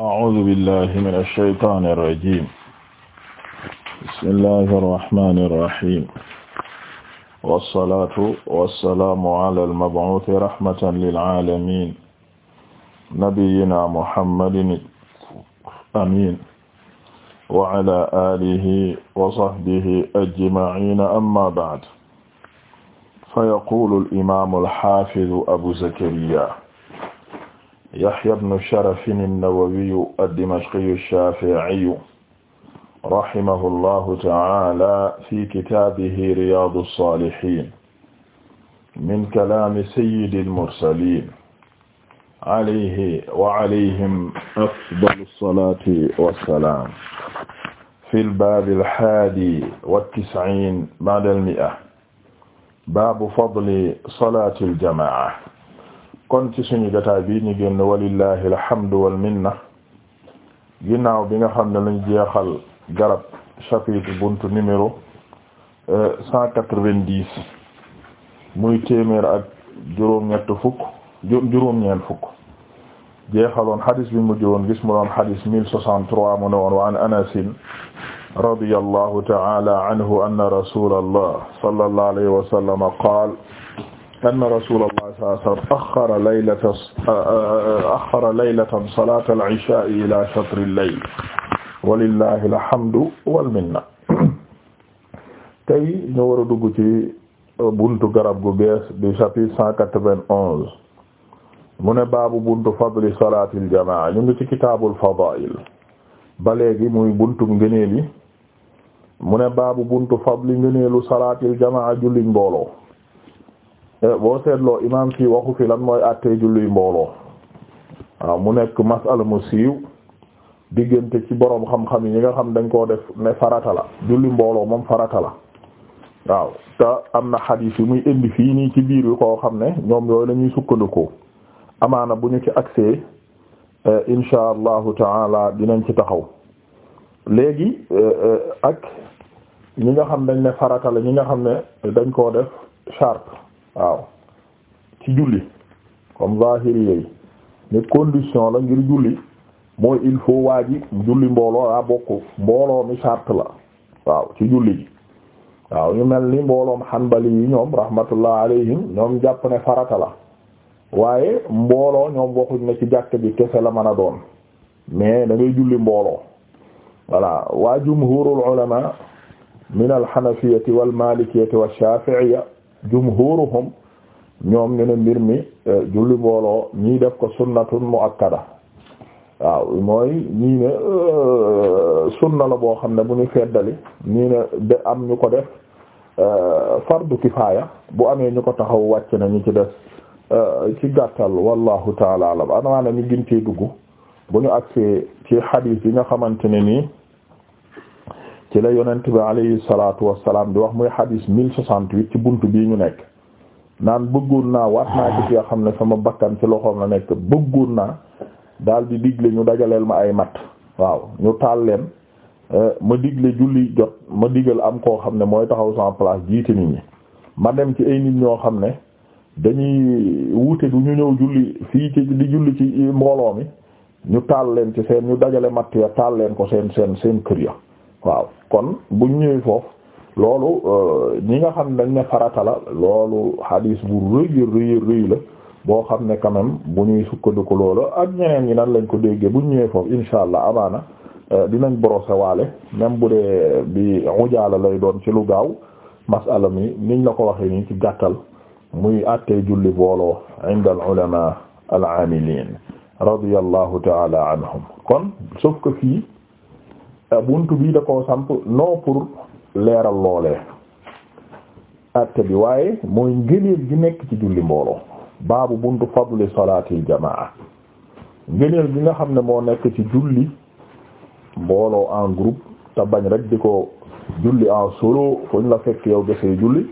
أعوذ بالله من الشيطان الرجيم بسم الله الرحمن الرحيم والصلاة والسلام على المبعوث رحمة للعالمين نبينا محمد أمين وعلى آله وصحبه أجمعين أما بعد فيقول الإمام الحافظ أبو زكريا Yahya ibn Sharaf an-Nawawi ad-Dimashqi ash-Shafi'i rahimahullahu ta'ala fi kitaabihi Riyadu as-Salihin min kalaami sayyidil mursaliin alayhi wa alayhim afdalu as-salaati was-salaam fil baabil haadi wat-tis'iin ba'da al-mi'a baabu fadli salaatil jamaa'a kon ci suñu jotaay bi ñu génn walillahi alhamdu wal minna ginnaaw bi nga xam ne lañ jeexal garab chapitre buntu numéro euh, cent quatre muy téeméer ak juróom-ñett fukk juróom-ñeent fukk jeexaloon xadis bi mujj woon gis mu doon xadis mille soixante-trois mu ne woon wa an anasin radiyallahu ta'ala anhu anna rasulallah sallallahu alayhi wa sallam anna rasuulallahi sallallahu alayhi wa sallam axxara laylatan axxara laylatan salaatal ishaa'i ilaa shatril layl walillahi alhamdu wal minna tey ñu war a dugg ci buntu garab gu bees di chapitre cent quatre-vingt-onze mu ne baabu buntu fadli salaatil jamaa ñu ngi ci kitaabul fadaa'il ba léegi muy buntu ngëneeli mu ne baabu buntu fadli ngëneelu salaatil jamaa julli mbooloo Eh, boo seetloo imaam si waxu fi lan mooy àttee julli mbooloo waaw ah, mu nekk masala mu siiw diggante ci boroom xam-xam yi ñi nga xam dañ koo def ne farata la julli mbooloo moom farata la waaw te am na xadiis yi muy indi fii nii ci biir yu koo xam ne ñoom yooyu la ñuy sukkandikoo amaana bu ñu ci agsee eh, insha allahu taala dinañ ci taxaw léegi eh, ak ñi nga xam dañ ne farata la ñi nga xam ne dañ koo def charte waaw ci julli comme zahiri yooyu ne condition la ngir julli mooy il faut waa ji julli mbooloo daa bokk mbooloo mi sart la waaw ci julli ji waaw ñu mel ni mbooloom xanbali yi ñoom rahmatullah alayhim ñoom jàpp ne farata la waaye mbooloo ñoom bokkuñ ne ci jàkk ji kese la mën a doon mais da ngay julli mbooloo voilà waa jumhurul ulama min al xanafiyati wal jumhuruhum ñoom ñu ne mbir mi eh, julli mbooloo ñii def ko sunnatun muakkada waaw mooy ñii ne eh, sunna la boo xam ne bu ñu feddali ñii ne de am ñu ko def eh, fardu kifaaya bu amee ñu ko taxaw wàcc na ñu ci def ci gàttal wallahu taala alam anwaana ñu gin cee dugg bu ñu agsee ci xadiis yi nga xamante ne nii ci la yonent bi alayhi salaatu wassalaam di wax muy xadiis mille soixante-huit ci bunt bii ñu nekk naan bëggoon naa waat naa ci fi nga xam ne sama bakkan ci loxoom la nekk bëggoon naa daal di digle ñu dajaleel ma ay matt waaw ñu taal leen eh, ma digle julli jot ma digal am koo xam ne mooy taxaw sama place jiite nit ñi ma dem ci ay nit ñoo xam ne dañuy wuute du ñu ñëw julli fii ci di julli ci mbooloo mi ñu taal leen ci seen ñu dajale matt ya taal leen ko seen seen seen kër ya waaw kon buñ ñëwee foofu loolu euh, ñi nga xam dañ ne farata la loolu hadis bu rëy rëy rëy la boo xam ne quand bu ñuy sukkandiku loolu ak ñeneen ñi nan lañ ko déggee bu ñëwee foofu insha allah amaana euh, dinañ boro waale même bu dee bi ujaala lay doon ci lu gaaw masala mi niñ la ko waxee nii ci gàttal muy àttee julli booloo inda al ulama al amilin radiyallahu taala anhum kon sauf que fii Euh, bunt bii da koo samp non pour leeral loolee atte bi waaye mooy ngëneel gi nekk ci julli mbooloo baabu buntu fadli salaatil jamaa ngëneel gi nga xam ne moo nekk ci julli mbooloo en groupe te bañ rek di ko julli en solo fuñ la fekk yow desee julli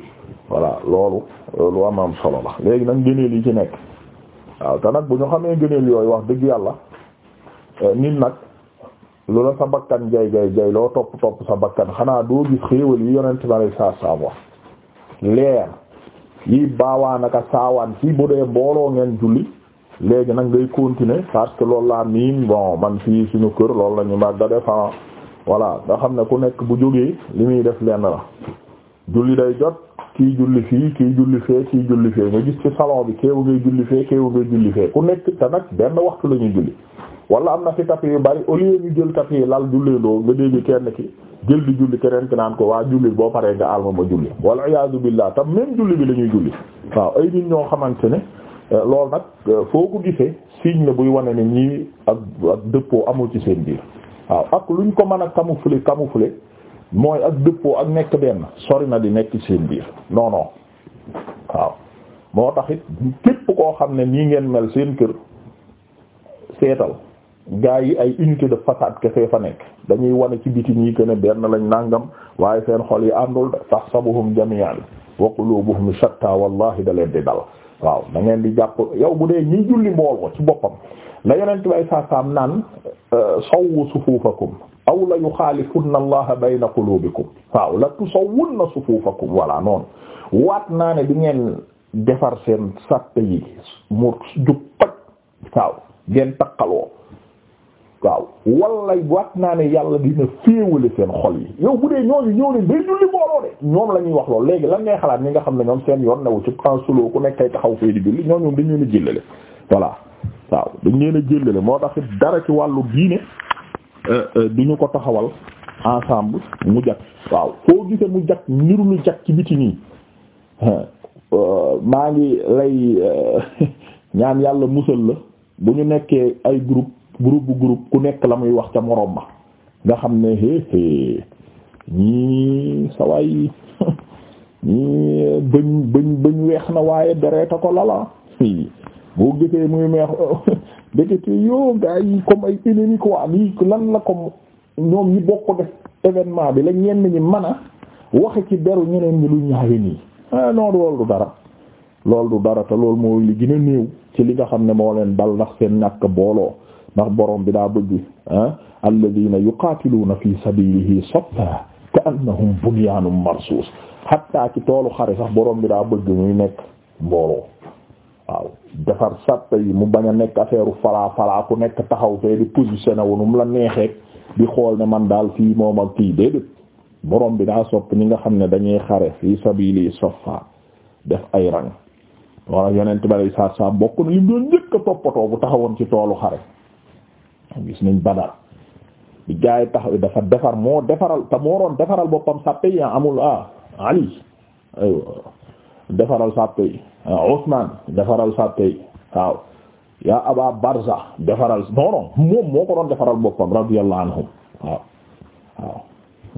voilà loolu lu am am solo la léegi nag ngëneel yi ci nekk waaw te nag bu ñu xamee ngëneel yooyu wax dëgg yàlla euh, nit nag lu la sa bakkan jay jay jay loo topp topp sa bakkan xanaa doo gis xéewal yi yonent ma lay saa saam wax leer yi baawaan aka saawaan ci bu dee mbooloo ngeen julli léegi nag ngay continuer parce que loolu laa miin bon man fii suñu kër loolu la ñu mag da defan ah. voilà nga xam ne ku nekk bu jógee li muy def lenn la julli day jot kii julli fii kii julli fee kii julli fee nga gis ci salon bi kéewu ngay julli fee kéewu ngay julli fee ku nekk te benn waxtu la ñuy wala am na fi tapis yu bari au lieu ñu jël tapis yi lal julleendoo nga dégg kenn ki jël di julli keneen ki naan ko waa julli boo paree nga alma ma julli wala iyaazu billah tam même julli bi la ñuy julli waaw ay nit ñoo xamante ne euh, loolu nag euh, foo ko gisee signe la buy wane ne ñii ak ak dëppoo amul ci seen biir waaw ak luñ ko mën a camoufler camoufler mooy ak dëppoo ak nekk benn sori na di nekk ci seen biir non non waaw moo tax it képp koo xam ne nii ngeen mel seen kër gaa yi ay unité de façade kese fa nekk dañuy wane ci biti ñi que ne benn lañ nangam waaye seen xol yi àndul tahsabuhum jami'an wa qulubuhum shatta wallahi da leen di dal waaw da ngeen di jàpp yow bu dee ñi julli mbooloo ci boppam la yonent bay saasaam naan euh, sawwu sufuufakum aw la yuxaalifunna allaha bayna qulubikum waaw la tusawwunna sufuufakum walla noonu waat naa ne di ngeen defar seen sàppe yi mu jub paj waaw ngeen takkaloo waaw wallay waat naa ne yàlla dina féewale seen xol yi yow bu dee ñooñu ñëw nañ day julli mbooloo de ñoom la ñuy wax lool léegi lan ngay xalaat ñi nga xam ne ñoom seen yoon newu ci en solo ku nekk kay taxaw fee di julli ñoom ñoom dañ leen a jëllale voilà waaw dañ leen a jëllale moo tax dara ci wàllu diine euh, euh, du ñu ko taxawal ensemble mu jag waaw foo gisee mu jag niru lu jag ci biti nii euh, maa ngi lay ñaan yàlla musal la bu ñu nekkee ay groupe groupe bu groupe ku nekk la muy wax ca moroom ma nga xam ne éé ñii sawaay ñii bëñ bëñ bëñ weex na waaye dereeta ko lala boo gisee muy meex dëkkate yo gars yi comme ay ennemis quoi nii lan la comme ñoom ñi bokk def événement bi la ñenn ñi mën a waxe ci deru ñeneen ñi lu ñaawe nii ah loolu du dara loolu du dara te loolu moo li gën néew ci li nga xam ne moo leen dal ndax seen ñàkk booloo ndax boroom bi daa bëgg ah alladina yuqaatiluuna fi sabilihi saffan ka annahum bunyaanun marsuus hatta ci toolu xare sax boroom bi daa bëgg muy nekk mbooloo waaw defar sàppe yi mu bañ a nekk affaire falaa falaa ku nekk taxaw fee di positionné wu nu mu la neexee di xool ne man daal fii moom ak fii déedéet borom bi daa sopp ñi nga xam ne dañuy xare fi sabilihi saffan def ay rang wala yonent bi sallallahu alayhi wasallam bokk na lim doon njëkk a toppatoo bu taxawoon ci toolu xare. gis nañ badar bi gaay tax dafa defar moo defaral te moo doon defaral boppam sàppe yi amul ah ali defaral sàppe yi ah Usman defaral sàppe yi waaw aba barza defaral non non moom moo ko doon defaral boppam radiyallahu anhum waaw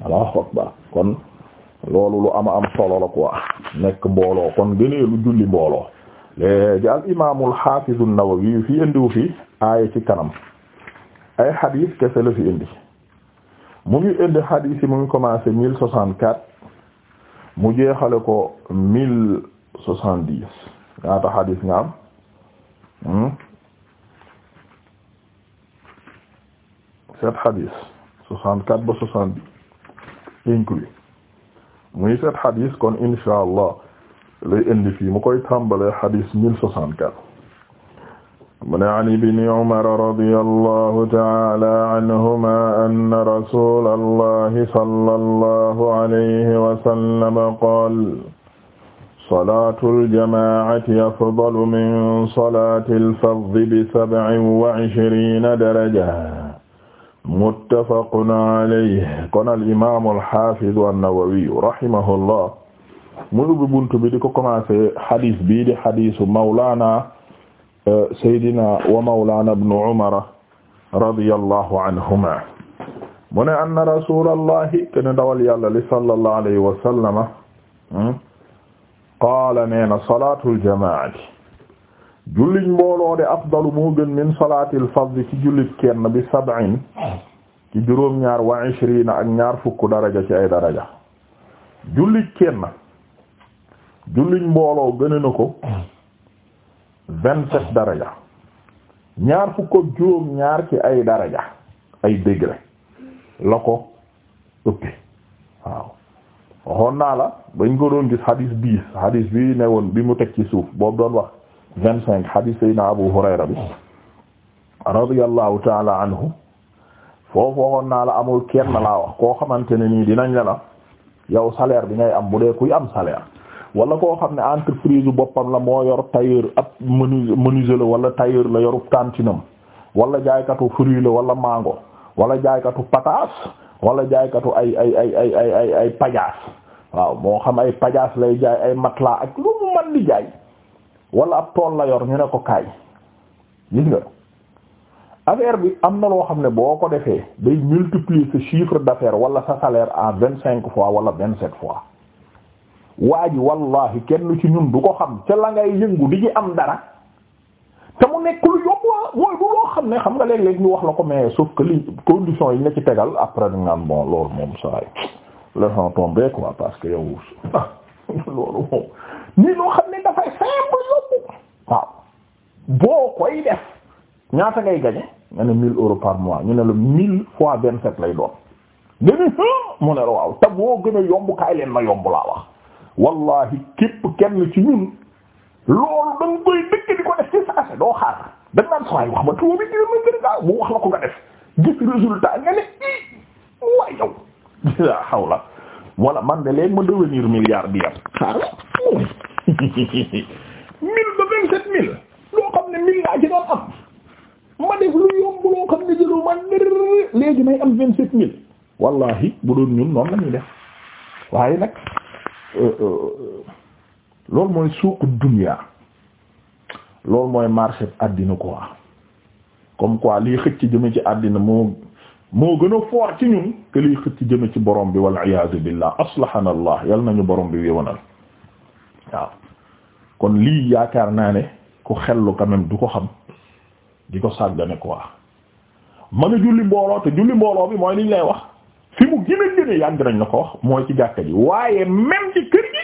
Allahu akbar kon loolu lu ama am solo la nekk mbooloo kon gënee lu julli mbooloo léegi al imaamul xaafizu Nawawi fii indiwu fi aaya ci kanam ay xadis kese la fi indi mu ngi indi xadis mu ngi commencé mille soixante quatre mu jeexale ko mille soixante dix ñaata xadis nga am hmm? sept xadis soixante quatre ba soixante dix inclus muy sept xadis kon insha allah lay indi fii mu koy tàmbalee xadis mille mil quatre mu ne an ibni umar radiyallahu ta'ala anhuma anna rasulallahi sallallahu alayhi wa sallam qaala salaatul jamaacati afdalu min salaatil fardhi bi sab'in wa ishriina daraja muttafaqun alayhi kon al imaamul haafidu an-nawawi rahimahullah mu ngi buntu bi di ko commencé xadis bii di xadisu mawlaana saydina wa mawlana ibnu umara radiyallahu anhuma mu ne anna rasulallahi te ne dawal yàlla li sallallahu alayhi wa sallama hmm, qaala nee na salaatul jamaati jullit mbooloo de afdalu moo gën min salaatil fadli ci jullit kenn bi sab'in ci juróom ñaar wa ishrina ak ñaar fukk daraja ci ay daraja jullit kenn jullit mbooloo gën na ko vingt-sept daraja ñaar fukk ak juróom ñaar ci ay daraja ay degré la ko ëppe waaw waxoon naa la bañ ko doon gis hadis biis hadis bi ne woon bi mu teg ci suuf boobu doon wax vingt-cinq hadis sayna Abu Hurayra bi radiyallahu taala anhu foofu waxoon naa la amul kenn laa wax koo xamante ne nii dinañ la la yow salaire bi ngay am bu dee kuy am salaire wala koo xam ne entreprise boppam la moo yor tailleur ab menu menuisier la wala tailleur la yoru kantinam wala jaaykatu fruit la wala mango wala jaaykatu pataas wala jaaykatu ay ay ay ay ay ay ay pajaas waaw moo xam ay pajaas lay jaay ay matelas ak lu mu mën jaay wala ab tool la yor ñu ne ko kaay gis bi am na loo xam ne boo ko defee day multiplier ce chiffre d'affaires wala sa en vingt cinq fois wala vingt sept fois waa ji wallahi kenn ci ñun du ko xam ca la ngay yëngu di ci am dara te mu nekk lu yomb waa mooy bu loo xam ne xam nga léeg-léeg ñu wax la ko mais sauf que yi nga ci tegal après di naan bon loolu moom saa yi laissons tomber parce que yow loolu moom nii loo xam ne dafay simple yomb waaw boo koy def ñaata ngay gagner nga ne 1000 euros par mois ñu ne la 1000 fois 27 lay doon. nga ni mu ne la waaw te boo gën a yomb kaay leen ma yomb laa wax. wallahi képp kenn ci ñun loolu da nga koy dëkk di ko def ci saase doo xaar da nga naan sawaay wax ma tuwo bi dina ma gën gaaw bu wala ma devenir milliardaire xaar mille ba vingt xam ne am ma def lu yomb loo xam ne jëlu léegi may am vingt sept mille wallahi bu doon ñun noonu la ñuy def waaye nag Euh, euh, euh, loolu mooy suuqu dunya loolu mooy marché àddina ko quoi comme quoi liy xëcc jëmm ci àddina moo moo gën a fort ci ñun que liy xëcc jëme ci borom bi wal iyaadu billah aslahana allah yal nañu borom bi wéwanal waaw kon lii yaakaar naa ne ku xellu quand même du ko xam di ko sàggane quoi mën a julli mbooloo te julli mbooloo bi mooy liñ lay wax fi mu gën a gënee yàgg nañ la ko wax mooy ci jàkka ji waaye même ci kër gi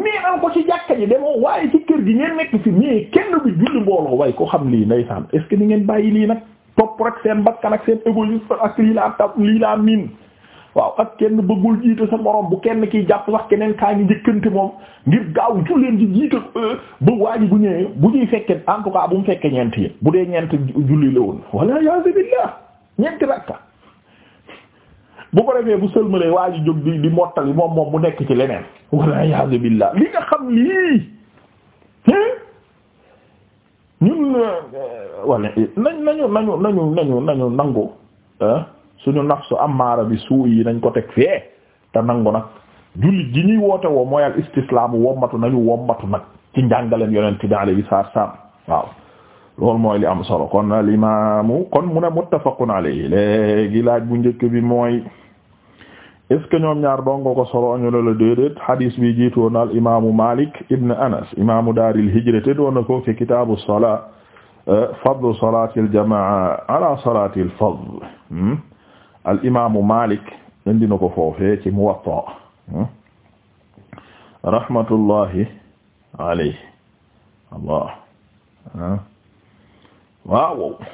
neexal ko ci jàkka ji demoo waaye ci kër gi ngeen nekk fi mais kenn bi julli mbooloo way ko xam lii ndeysaan est-ce que ni ngeen bàyyi lii nag topp rek seen bakkan ak seen égoïsme ak lii laa tab lii laa miin waaw ak kenn bëggul jiite sa morom bu kenn kiy jàpp sax keneen kaa ngi njëkkante moom ngir gaaw julleen ji jiite ba waa ji bu ñëwee bu ñuy fekkee en tout cas bu mu fekkee ñeent yi bu dee ñeent julli la woon walla bu ko defee bu sëlmalee waa ji jóg di di mottali moom moom mu nekk ci leneen walla iyaazu billaah li nga xam lii ñun euh, walla nañ nañu nañu nañu nañu nangu suñu nafsu amaara bi suu yi nañ ko teg fee te nangu nag jullit ji ñuy woote woo mooy al istislaamu wommatu nañu wommatu nag ci njàngaleen yonent bi alayhi salaam waaw loolu mooy li am solo kon al imaamu kon mu ne muttafaqun alayhi léegi laaj bu njëkk bi mooy est ce ñoom ñaar dongo ko solo ñu la déedéet hadis bi jiitu woon al imaamu Malik ibn Anas imaamu daaril hijra te doon na ko ci kitaabu salaa fadlu salaatil jamaa al imaamu Allah waaw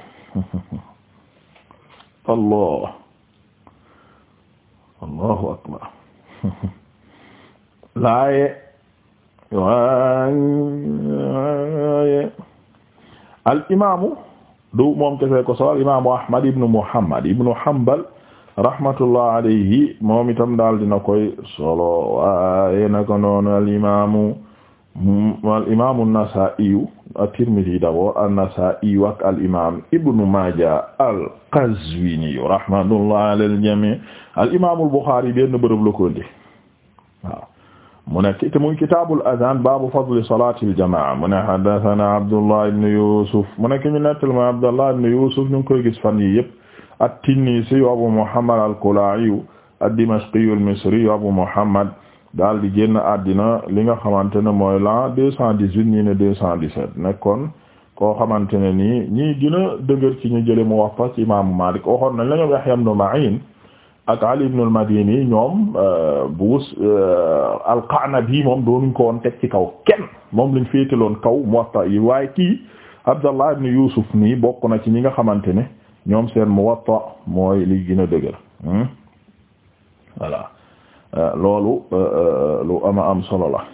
Allah allahu akbar laaye waaye al imaamu du moom kese ko solo al imaamu ahmad ibnu muhammad ibnu hanbal rahmatullah alayhi moom itam daal dina koy solo waaye naka noonu al imaamu al imaamu an-nasaa'i at-Tirmidhi d'abord an-Nasa'i wak al-imam Ibn Majah al-Qazwini rahmatullah ala al-jami' al-imam al-Bukhari benn bërëb la ko indi waaw mu ne te muy kitabul adhan babu fadli salati al-jama'a mu ne haddathana Abdullah ibn Yusuf mu ne ki ñu nettal ma Abdullah ibn Yusuf ñu ngi koy gis fan yi yëpp at-Tinnisi Abu Muhammad al-Kula'i ad-Dimashqi al-Misri Abu Muhammad daal di génn àddina li nga xamante ne mooy la deux cent dix-huit ñii ne deux cent dix-sept nekkoon koo xamante ne nii ñii gën a dëgër ci ñu jële mu wax fa ci imaamu Maalik waxoon nañ la ñoom Yahya ibn Ma'in ak Ali ibn al-Madini ñoom euh, buus euh, al-Qa'nabi moom doonuñ ko woon teg ci kaw kenn moom lañ féetaloon kaw Muwatta yi waaye kii Abdallah ibn Yusuf nii bokk na ci ñi nga xamante ne ñoom seen Muwatta mooy li gën a dëgër hmm? voilà Euh, euh, euh, loolu lu ama am solo la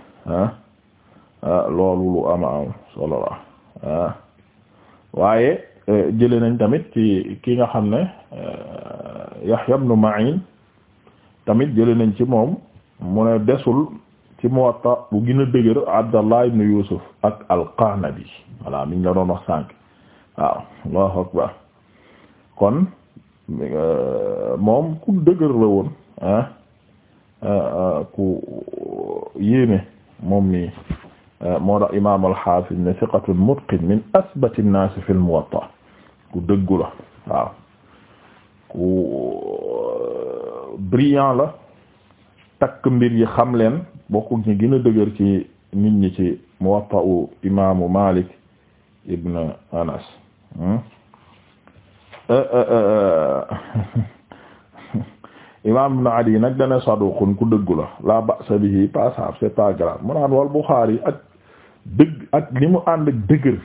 ah loolu lu ama am solo la waaye jële nañ tamit ci ki nga xam ne Yahya ibn Ma'in tamit jële nañ ci moom mu ne desul ci Muwatta bu gën a dëgër Abdallah ibn Yusuf ak al bi voilà miñ la doon wax sànq waaw Allahu akbar kon moom ku dëgër la woon Euh, euh, ku euh, yéeme moom mi moo imaam al-Hafiz ne mutqin min asbati an fi al-Muwatta ku dëggu la waaw ku brillant la takk mbir yi xam leen bokku ñi dëgër ci nit ñi ci Muwatta u Malik ibn Anas hmm? imam ibn Adi nag dana saduqun ku dëggu la la ba'sa bihi passab c'est pas mu naan wal Bukhari ak dëgg ak ni mu ànd ak dëgër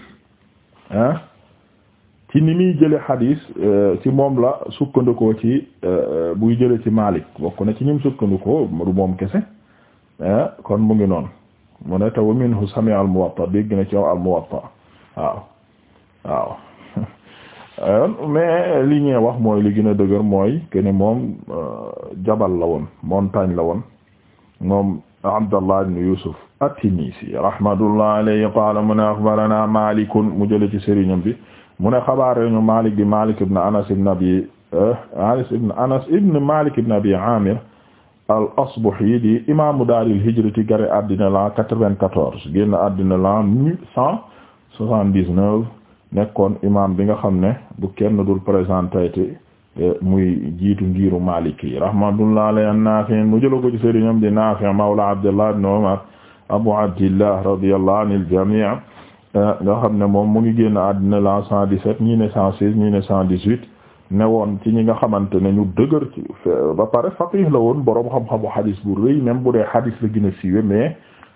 ci ni muy jële xadiis euh, ci moom la sukkandikoo ci euh, buy jële ci Malik bokk na ci ñim sukkandikoo du moom kese kon mu ngi noonu mu ne tawa minhu sami'a al-Muwatta dégg na ci al-Muwatta waaw waaw mais li ñee wax mooy li gën a dëgër mooy que ne moom euh, jabal la woon montagne la woon moom Abdallah ibn Yusuf at-Tinnisi rahmatullah alayhi qaala mu ne akhbarana Malik mu jële ci sëriñam bi mu ne xabaare Malik bi Malik ibn Anas ibn Abi eh, Anas ibn Anas ibn Malik ibn Abi Amir al-Asbahi di imaamu daaril hijrati gare addina l'an quatre-vingt-quatorze génn addina l'an nekkoon imam bi nga xam ne bu kenn dul présenté e, muy jiitu ngiru maliki rahmatullah alayhi an nafi mu jëlo ko ci sëriñam di nafi mawla abdullah ibn umar abu abdillah radiyallahu anil jami' e, nga xam ne moom mu ngi génn àddina la cent dix-sept ñii ne cent cent dix-huit woon ci ñi nga xamante ne ñu dëgër ci ba pare faqih la woon boroom xam-xamu hadis bu rëy même bu dee hadis la gën a siiwe mais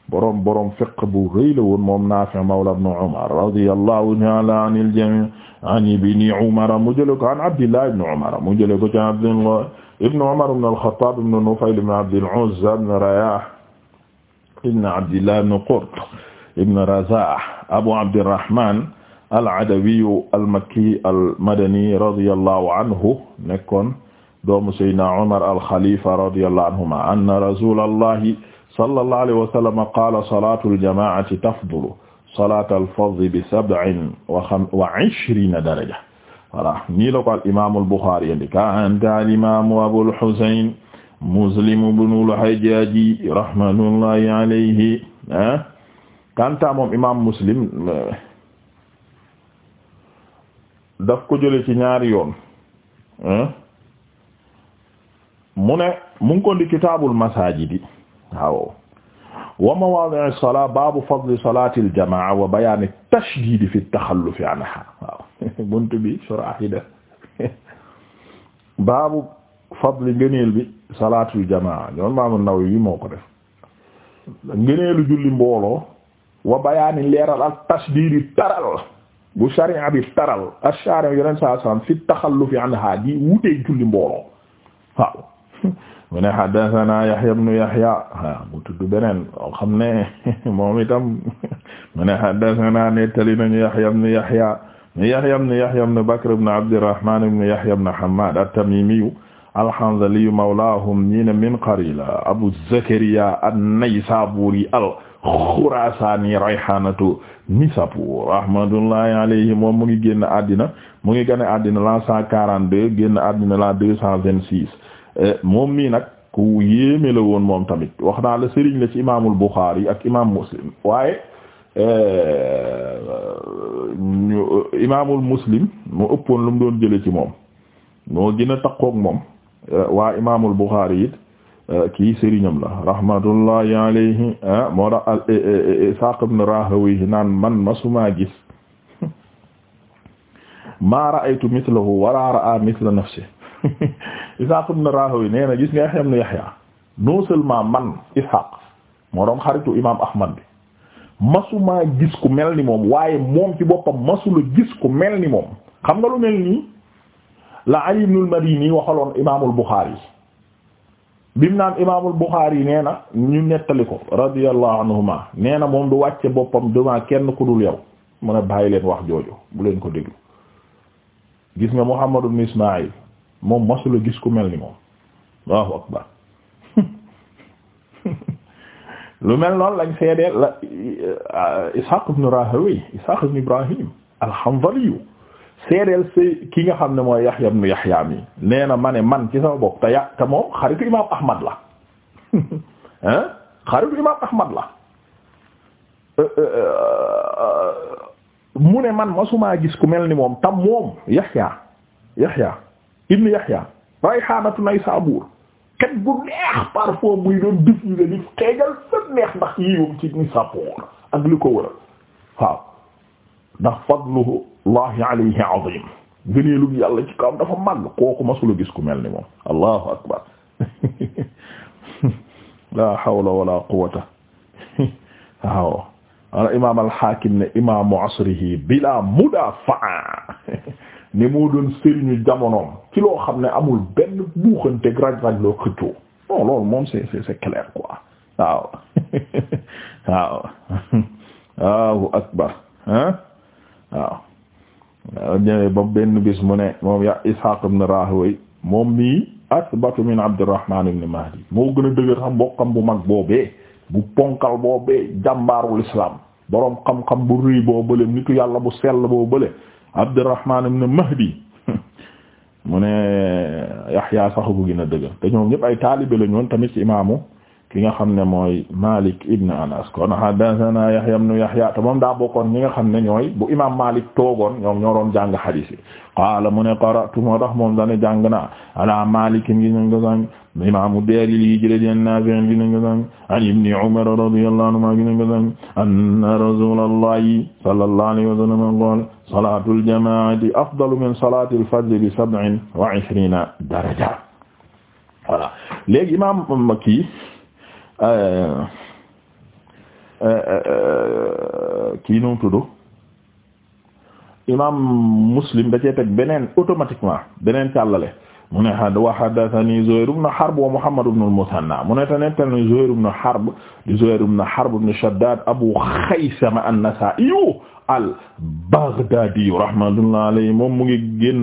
boroom boroom fiqh bu rëy la woon moom Naafi' mawla ibn Umar radiyallahu ta'ala anil jami' an ibni Umar mu jële ko an Abdillah ibn Umar mu jële ko ci Abdillah ibn Umar ibn al-Khattab ibn Nufayl ibn Abd al-Uzza ibn Rayah ibn Abdillah ibn Qurt ibn Razah Abu Abdirrahman al-Adawi al-Makki al-Madani radiyallahu anhu nekkoon doomu Sayyidina Umar al-Khalifa radiyallahu anhuma anna Rasulallahi sallallahu alayhi wa sallam qaala salaatul jamaa'ati tafdulu salaatal fadli bi sab'in wa xam wa ishriina daraja voilà nii la ko al imaamul Buxaari indi kaanta al imaamu Abul Husayn Muslim ibnul Hajjaaji rahmatullahi alayhi ah. kaanta moom imaam Muslim eh, daf ko jële ci ñaari yoon eh. mu ne mu ngi ko di kitaabul masaajidi waaw wa mawaadi'i as-salaa baabu fadli salaati al wa bayaani at fi at-taxallufi buntu bi surah yi def baabu fadli ngëneel bi salaatul jamaa ñoom Imaam Nawawi moo ko def ngëneelu julli mbooloo wa bayaani leeral ak taral bu sharia taral ash-shaari' yeneen saa fi at-taxallufi di wutee julli mbooloo mu ne haddathana Yahya ibn Yahya a mu tudd benen o xam ne itam mu ne haddathana nettali nañu Yahya ibn Yahya ni Yahya ibn Yahya ibn Bakr ibn Abdirrahman ibn Yahya ibn Hammad at-Tamimi al-Hanzali mawlahum ñi ne min Qarila Abu Zakariya an-Naysaburi al-Khurasani rayhanatu Nisapur rahmatullahi alayhi moom mu ngi génn àddina mu ngi génn àddina la 142 génn àddina la 226 Eh, moom mii nag ku yéeme la woon moom tamit wax naa la sëriñ la ci imaamul Bukhari ak imaam Muslim waaye eh, ñu imaamul Muslim mu ëppoon lu mu doon jële ci moom moo gën a takkook moom eh, waa imaamul Bukhari it kii sëriñam la rahmatullahi alayhi moo tax al Isaaq ibn Rahawayh naan man masumaa gis maa ra'aytu mithlahu wala ra'a mithla nafsihi Ishaq ibn Rahowi nee na gis nga Yahya ibn Yahya non seulement man Ishaq moo doon xaritu imaam Ahmad bi masuma gis ku mel ni moom waaye moom ci boppam masula gis ku mel ni moom xam nga lu mel nii la Ali ibn al-Madini waxaloon imaamul Bukhari bim naan imaamul Bukhari nee na ñu nettali ko radiyallahu anhuma nee na moom du wàcce boppam devant kenn ku dul yow mu ne bàyyi leen wax jooju bu leen ko déglu gis nga Muhammad ibn Ismaïl moom masula gis ku mel ni moom Allahu akbar lu mel noonu lañ seedee la euh, Ishaq ibn Rahawi Ishaq ibn Ibrahim al-Hanzali seedeel si ki nga xam ne mooy Yahya ibn Yahya mi nee na mane man ci sama bopp ya te moom xaritu imaam Ahmad la hein la euh, euh, mu ne man masumaa gis ku mel ni moom tam moom Yahya Yahya ibn Yahya rayhaanatu Naysabur kat bu neex parfois muy doon diffuser li xeejal sët neex ndax yiwum ci Naysabur ak li ko wëral waaw ndax fadluhu llahi alayhi azim gëneelug yàlla ci kawam dafa màgg kooku masula gis ku mel ni moom allahu akbar la hawla wala quwwata waaw wala imam al-Hakim ne imamu asrihi bila mudafaa ne moo doon sëriñu jamonoom ci loo xam ne amul benn buuxante raj-raj loo xëccoo non loolu moom c'est c'est clair quoi waaw waaw waaw akbar hein waaw ñëwee ba benn bis mu ne moom ya Ishaq ibn Rahawayh moom mii asbatu min Abdurrahman ibn Mahdi moo gën a dëgër xam mbokkam bu mag boobee bu ponkal boobee jàmbaarul islam boroom xam-xam bu rëy boo bële nitu yàlla bu sell boo bële Abdurrahman ibn Mahdi mu ne Yahya sax bu gën a dëgër te ñoom ñëpp ay taalibe la ñoon tamit ci imaamu ki nga xam ne mooy Malik ibn Anas kon haddathana Yahya ibn Yahya te moom daa bokkoon ñi nga xam ne ñooy bu imam Malik toogoon ñoom ñoo doon jàng hadith yi qaala mu ne qara'tu moo tax moom dane jàng na ala Malik ngi ñu nga sang imamu deelil yi jële deen Nafi' gi na nga sang an ibni Umar radiyallahu anhuma gi na nga sang anna rasulallahi sallallahu alayhi wa sallam qaala salatul jamaati afdalu min salatil fajr bi sab'in wa ishrina daraja voilà léegi imam kii Euh, euh, euh, kii nu mu tudd imaam Muslim da cee teg beneen automatiquement beneen càllale mu ne had wa haddathani Zuhayr ibn Harb wa Muhammad ibn al-Muthanna mu ne te nettani Zuhayr ibn Harb di Zuhayr ibn Harb ibn Shaddad Abu Khaysama an-Nasa'i al-Baghdadi rahmatullahi alayhi moom mu ngi génn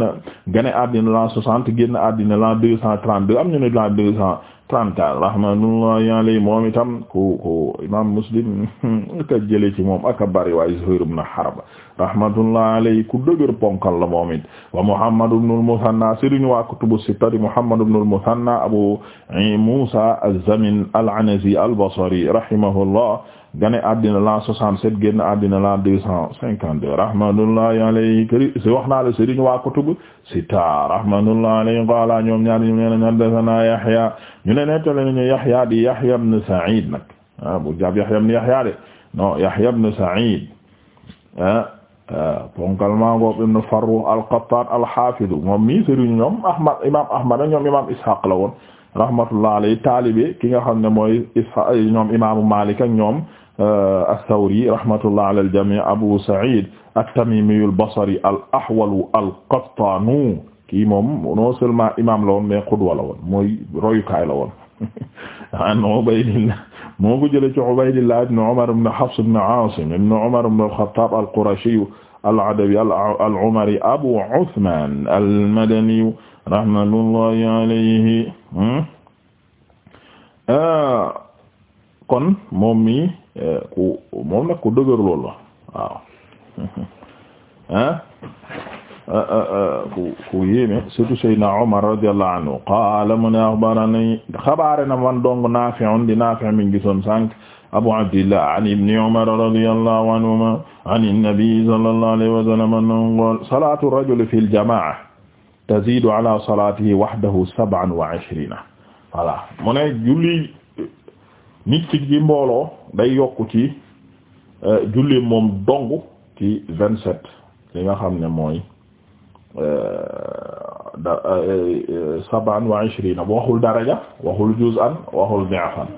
gane àddina l'an soixante génn àddina l'an deux cent trente-deux am ñu ne l'an deux cent 34 rahmatullahi alayhi moom itam ku ku imaam Muslim ka jële ci moom aka bari waaye Zuhayr ibn Harb rahmatullah alayhi ku dëgër ponkal la moom it wa Muhammad ibn al-Muthanna sëriñ waa kutubu sitta di Muhammad ibn al-Muthanna Abu Musa az-Zamin al-Anazi al-Basri rahimahullah gane addina la 67 génn addina la 252 rahmatullahi alayhi kër si wax naa la sëriñ waa kutubu sitta rahmatullahi alayhi qaala ñoom ñaar ñu ne haddathana Yahya ñu ne nettali nañu Yahya di Yahya ibn Sa'id nag ah bu jàpp Yahya ibn Yahya de non Yahya ibn Sa'id ah ponkal mango ibn Farrukh al-Qattan al-Hafiz moom mii sëriñ ñoom Ahmad imam Ahmad imam Ishaq la rahmatullah alayhi taalibe ki nga xam ne mooy Ishaq ñoom imaamu Malik ak ñoom euh, as-Sawri rahmatullah ala al-jami' Abu Sa'id at-Tamimi al al-Ahwal al-Qattanu kii moom non seulement imam la woon mais qudwa la woon mooy royukaay la woon moo ko jëlee ci Ubaydillah ibn Umar ibn Hafs ibn Asim ibn Umar ibn al-Khattab al-Qurashi al-Adawi al-Umari Abu Uthman al-Madani rahmatullahi alayhi hmm? ah, kon moom mi eh, ku moom nag ku dëgër lool la waaw ah Euh, euh, euh, ku ku yéeme surtout Seydina Omar radiyallahu anhu qaala mu ne axbarani xabaare na man dong Naafi'un di Naafi' mi gisoon sànq Abu Abdillah an ibni Umar radiyallahu anhuma an an-nabi sallallahu alayhi wa sallam annahu qaala salaatu rajuli fil jamaa'a taziidu ala salaatihi wahdahu sab'an wa ishriina voilà mu ne julli nit ki ci mbooloo day yokku ci julli moom dong ci vingt-sept li nga xam ne mooy Eh, sab'an wa ishrina bu waxul daraja waxul juz'an waxul bi'fan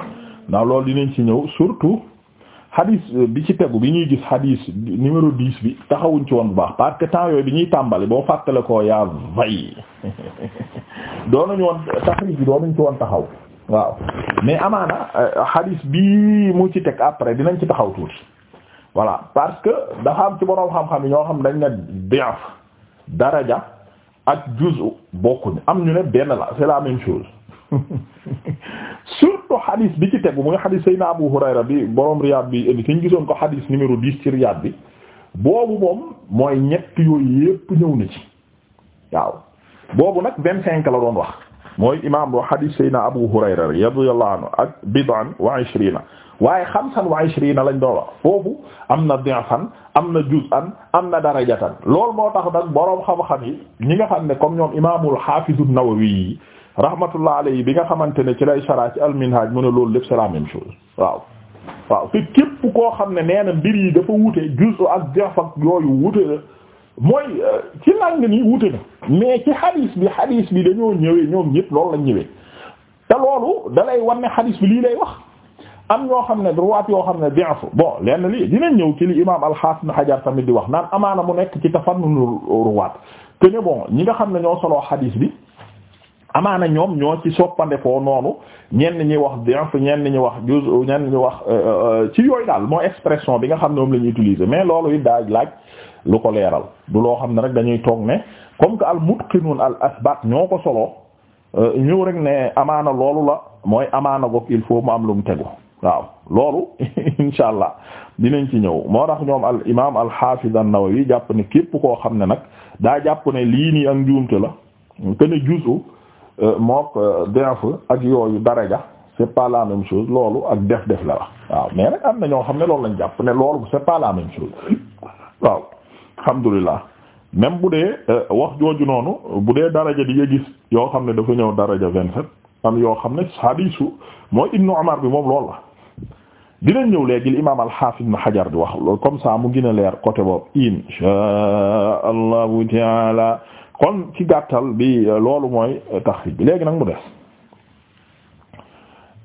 ndax loolu dinañ ci ñëw surtout hadis eh, bi ci tegu bi ñuy gis hadis numéro dix bi taxawuñ ci woon bu baax parce que temps yooyu bi ñuy tàmbali boo fàttale ko yaa vay doonuñ woon taxriij bi doonuñ ci woon taxaw waaw mais amaana eh, hadis bii mu ci teg après dinañ ci taxaw tuuti voilà parce que dafa am ci boroom xam-xam yi ñoo xam dañ ne bi'f daraja ak juzu bokkuñu am ñu ne benn la c'est la même chose surtout xadis bi ci tegu mu nga xadis Seydina Abu Hurayra bi borom Riyad bi indi ko xadis numéro 10 ci Riyad bi boobu moom mooy ñett yooyu yépp ñëw na ci waaw boobu nag vingt cinq la doon wax mooy imaam wa xadis Seydina Abu Hurayra radiyallahu anhu ak bid'an wa ishrina waaye xamsan wa ishrina lañ doon wax foofu am na di'fan am na juz'an am na darajatan loolu moo tax nag boroom xam-xam yi ñi nga xam ne comme ñoom imaamul hafiz an-Nawawi yi rahmatullah yi bi nga xamante ne ci lay shara ci al mu ne loolu lépp c'est la waaw waaw te képp koo xam ne nee na mbir yi dafa wute juz'u ak di'f ak yooyu wute la mooy euh, ci lang ni wute na mais ci hadith bi hadith bi dañoo ñëwee ñoom ñëpp loolu lañ ñëwee te loolu dalay wan lii lay wax am ñoo xam ne droit yoo xam ne bi'fu bon lenn lii dinañ ñëw ci li imaam al-Hasan Hajar tamit di wax naan amaana mu nekk ci tafannul ruwaat te ne bon ñi nga xam ne ñoo soloo xadiis bi amaana ñoom ñoo ci soppande foo noonu ñenn ñi wax bi'fu ñenn ñi wax juz ñenn ñi wax euh, euh, ci yooyu daal moo expression bi nga xam ne moom la ñu utiliser mais loolu it daaj laaj lu ko leeral du loo xam ne rek dañuy toog ne comme que al-mutqinun al-asbat ñoo ko soloo euh, ñu rek ne amaana loolu la mooy amaana goog il faut mu am lu mu waaw loolu insha allah dinañ ci ñëw moo tax ñoom al imaam al xaafiz an-Nawawi jàpp ne képp koo xam ne nag daa jàpp ne lii nii ak njuumte la que ne juzu euh, mook euh, denf ak yooyu daraja c'est pas la même chose loolu ak def-def la la waaw mais nag am na ñoo xam ne loolu lañ jàpp ne loolu c'est pas la même chose waaw alhamdulillah même bu dee euh, wax jooju noonu bu dee daraja di nga gis yoo xam ne dafa ñëw daraja vingt-sept am yoo xam ne hadiisu mooy Ibnu Umar bi moom loolu la dinañ ñëw léegi li imaam al-Hafiz Ibn Hajar di wax loolu comme ça mu gën a leer côté boobu insha allahu taala kon ci gàttal bi loolu mooy taxrij bi léegi nag mu des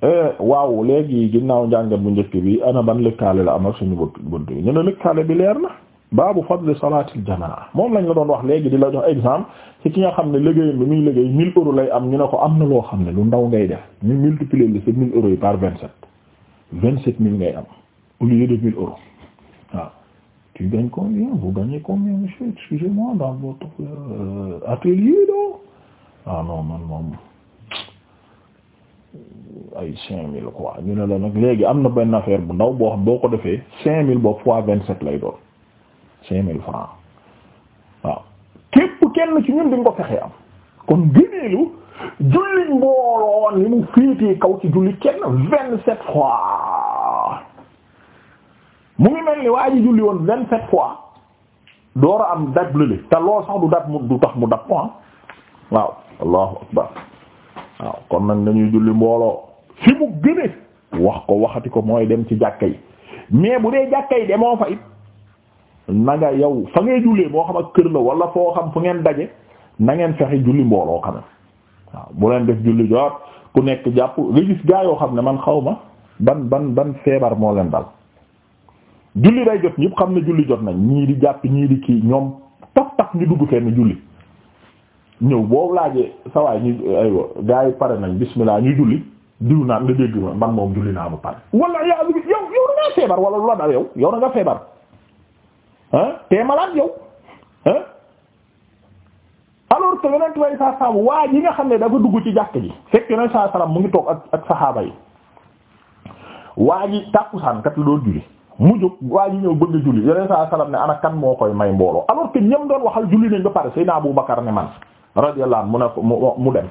eh, waaw léegi ginnaaw njàngat bu njëkk bi ana ban lëkkaale la amal suñu bët bët ñu ne lëkkaale bi leer na baabu fadl salaatil jamaa moom lañ la doon wax léegi di la jox exemple ci ki nga xam ne liggéeyam bi muy liggéey 1000 euros lay am ñu ne ko am na loo xam ne lu ndaw ngay def ñu multiplier li sa 1000 euros vingt sept mille ngay am au lieu de mille euros waaw tu gagnes combien vous gagnez combien monsieur excusez-moi dans votre euh, atelier non ah non man moom ay cinq mille quoi ñu ne la nag léegi am na benn affaire bu ndaw boo xam boo ko defee cinq mille boobu fois vingt sept lay doon cinq mille francs waaw képp kenn ci ñun di ko fexee am kon gëneelu julli mbooloo ni mu féetee kaw ci julli kenn vingt sept fois mu ngi mel ni waa ji julli woon vingt sept fois door a am dab lële te lool sax du dab mu du tax mu dab point ah. waaw allahu akbar waaw kon nag nañuy julli mbooloo fi mu gëne wax ko waxati ko mooy dem ci jàkka yi mais bu dee jàkka yi demoo fa it na nga yow fa ngee jullee moo xam ak kër la wala foo xam fu ngeen daje na ngeen fexe julli mbooloo quand waaw bu leen def julli joor ku nekk jàpp nga gis gaa yoo xam ne man xaw ma ban ban ban feebar moo leen dal julli day jot ñëpp xam ne julli jot nañ ñii di jàpp ñii di kii ñoom taf taf ñu dugg fenn julli ñëw boobu laajee sa waay ñu aywa pare nañ bismillah ñu julli diw naan nga dégg ma man moom julli naa ba pare. wala yaa yow yow da ngaa feebar wala lu la dal yow yow da nga feebar ah tee yow ah alors que yonent way saa saam waa yi nga xam ne dafa dugg ci jàkk ji fekk yonent saa salaam mu ngi toog ak ak saxaaba yi waa ji tàkkusaan kat la doon julli mu jóg waa ji ñëw bëgg a julli yonent saa salaam ne ana kan moo koy may mbooloo doon waxal julli nañ ba pare Seydina Abu Bakar ne man radiyallahu anhu mu ne ko mu dem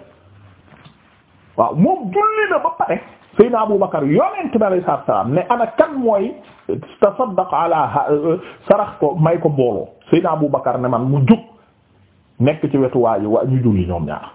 waaw moom julli na ba pare Seydina Abu Bakar yonent bi alayhi salaam ne ana mooy tasaddaq ala euh, sarax ko may ko mbooloo Seydina Abu Bakar ne man mu jóg nekk ci wetu waa ji waa ñu julli ñoom ñaar